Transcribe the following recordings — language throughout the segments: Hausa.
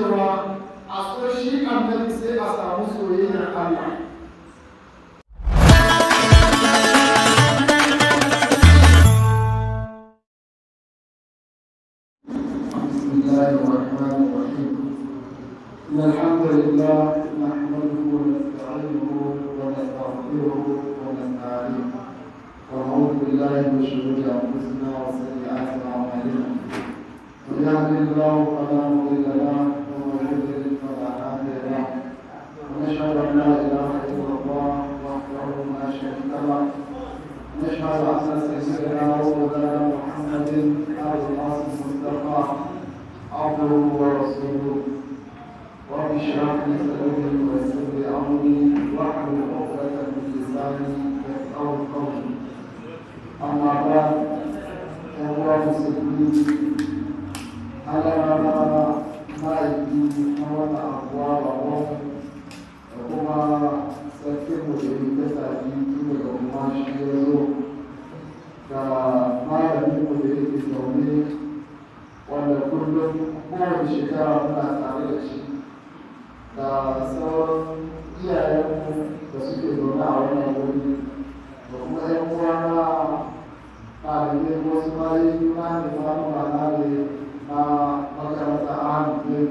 cewa a so shi annabi sai a samu soyayyar Allah إن الحمد لله نحمده ونستعينه ونستغفره ونستعينه ونعوذ بالله من شرور أنفسنا وسيئات أعمالنا من يهده الله فلا مضل له على سيدنا ومولانا محمد العظيم المصطفى عبده ورسوله رب اشرح لي صدري ويسر لي امري من لساني يفقهوا قولي اما بعد فهو مسلمين على ما يدين حول اقوالهم وكما سكتوا للتساليب من الامهات kowace shekara muna tare da shi da suke zaune wuri da kuma ‘yan uwana na da samun rana ne na makaranta ina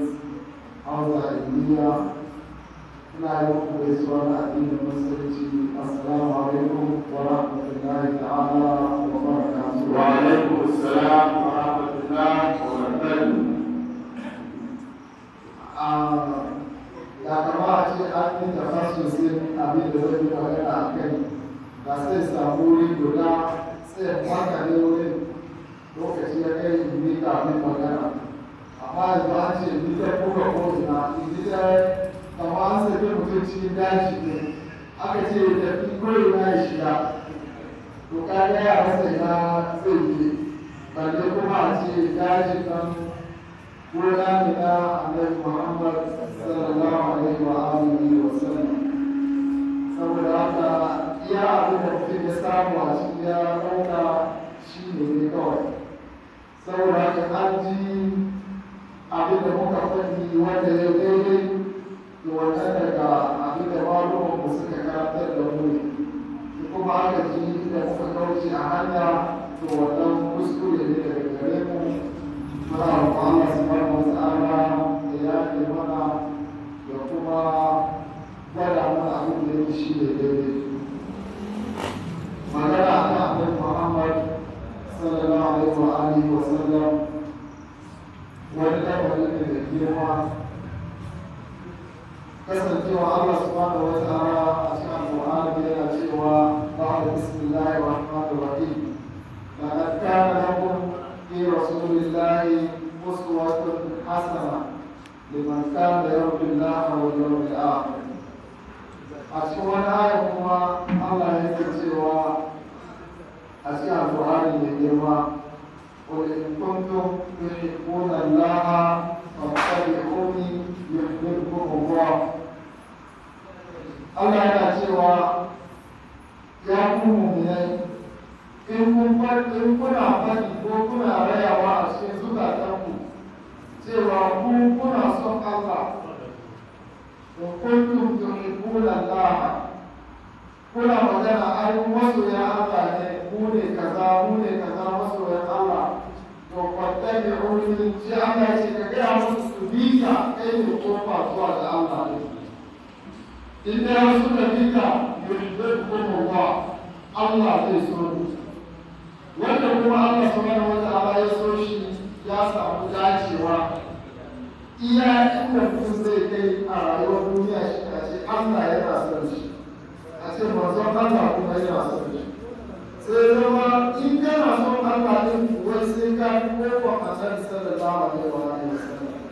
yi da kama a ce an yi da fasosin abin da zai duka yana a kai da sai samu wuri guda sai maka ne wurin lokaci ya kai yi ka abin magana amma yanzu an ce ni ta kuka kozina ni ta kama an sai kai mutum cikin daji ne aka ce da fi koyi na shiga to kaga ya rasa ina zai yi balle kuma a ce daji kan مولانا عليه محمد صلى الله saboda iya abin mutum ya samu a shi ya shi ne saboda wanda ya daidai daga abin da malumin mu suka karantar da mu ne a hanya to wannan kuskure ne da عليه وسلم ولله الكلمة kasancewa Allah subhanahu wa ta'ala a cikin Al-Qur'ani yana cewa ba'da bismillahir rahmanir rahim laqad kana lakum fi rasulillahi uswatun hasana liman kana yarju Allah wal yawmil akhir a cikin wani aya kuma Allah ya ce a al girma قل إن كنتم تحبون الله فاتبعوني يحببكم الله Allah yana cewa ya kuma ne in kun in kuna fadi ko kuna rayawa a cikin zukatanku cewa ku kuna son Allah to kuntum tuhibbuna Allah kuna magana ai masoya Allah ne ku ne kullum sai Allah ya ce ka gaya musu su bi ka kai ne kofa zuwa da Allah ne in da ya suka bi ka yuhibbukum Allah Allah zai so wanda kuma Allah subhanahu wa ta'ala Thank you.